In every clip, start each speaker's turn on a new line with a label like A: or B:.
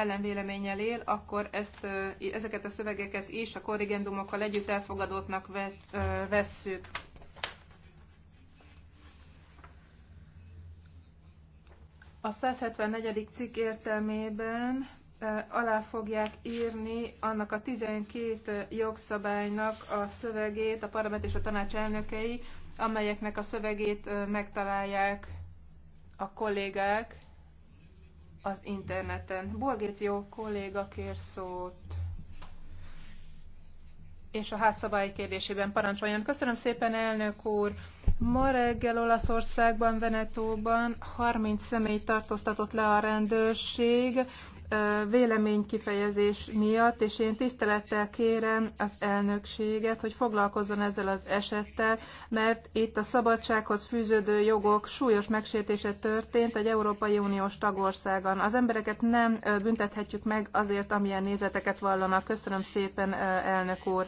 A: ellenvéleménnyel él, akkor ezt, ezeket a szövegeket is a korrigendumokkal együtt elfogadottnak vesszük. A 174. cikk értelmében alá fogják írni annak a 12 jogszabálynak a szövegét, a parlament és a tanács elnökei, amelyeknek a szövegét megtalálják a kollégák az interneten. jó kolléga kér szót és a házszabályi kérdésében parancsoljon. Köszönöm szépen, elnök úr! Ma reggel Olaszországban, Venetóban 30 személy tartóztatott le a rendőrség, véleménykifejezés miatt, és én tisztelettel kérem az elnökséget, hogy foglalkozzon ezzel az esettel, mert itt a szabadsághoz fűződő jogok súlyos megsértése történt egy Európai Uniós tagországon. Az embereket nem büntethetjük meg azért, amilyen nézeteket vallanak. Köszönöm szépen, elnök úr.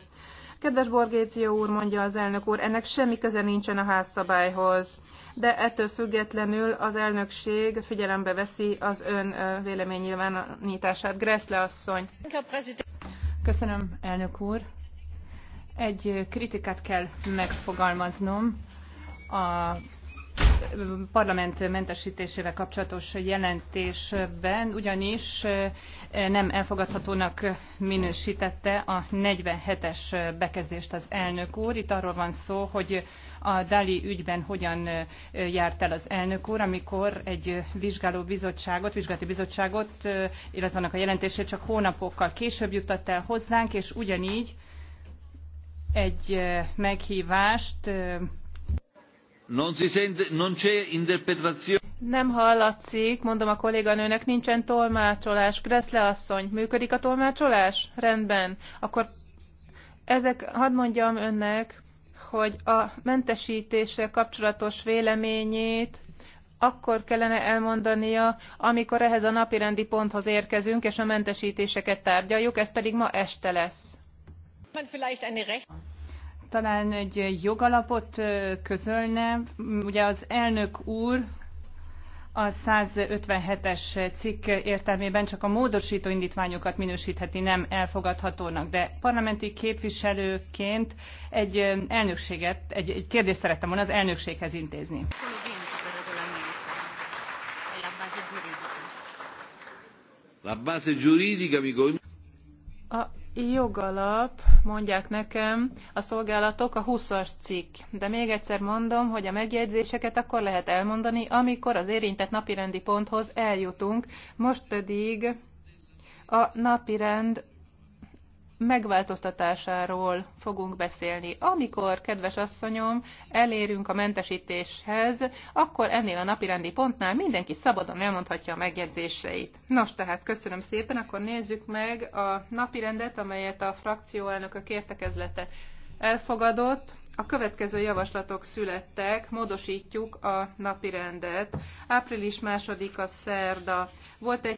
A: Kedves Borgécia úr, mondja az elnök úr, ennek semmi köze nincsen a házszabályhoz, de ettől függetlenül az elnökség figyelembe veszi az ön véleménynyilvánítását.
B: Gressle asszony. Köszönöm, elnök úr. Egy kritikát kell megfogalmaznom a parlament mentesítésével kapcsolatos jelentésben, ugyanis nem elfogadhatónak minősítette a 47-es bekezdést az elnök úr. Itt arról van szó, hogy a Dali ügyben hogyan járt el az elnök úr, amikor egy vizsgáló bizottságot, vizsgálati bizottságot, illetve annak a jelentését csak hónapokkal később jutott el hozzánk, és ugyanígy egy meghívást
A: nem hallatszik, mondom a kolléganőnek, nincsen tolmácsolás. Greszle asszony, működik a tolmácsolás? Rendben. Akkor ezek, hadd mondjam önnek, hogy a mentestéssel kapcsolatos véleményét akkor kellene elmondania, amikor ehhez a napirendi ponthoz érkezünk,
B: és a mentesítéseket tárgyaljuk, ez pedig ma este lesz talán egy jogalapot közölne. Ugye az elnök úr a 157-es cikk értelmében csak a módosító indítványokat minősítheti nem elfogadhatónak, de parlamenti képviselőként egy elnökséget, egy, egy kérdést szerettem volna az elnökséghez intézni. base
A: a jogalap, mondják nekem, a szolgálatok a 20-as cikk. De még egyszer mondom, hogy a megjegyzéseket akkor lehet elmondani, amikor az érintett napirendi ponthoz eljutunk. Most pedig a napirend megváltoztatásáról fogunk beszélni. Amikor, kedves asszonyom, elérünk a mentesítéshez, akkor ennél a napirendi pontnál mindenki szabadon elmondhatja a megjegyzéseit. Nos, tehát köszönöm szépen, akkor nézzük meg a napirendet, amelyet a a kértekezlete elfogadott. A következő javaslatok születtek, módosítjuk a napirendet. Április második a szerda. Volt egy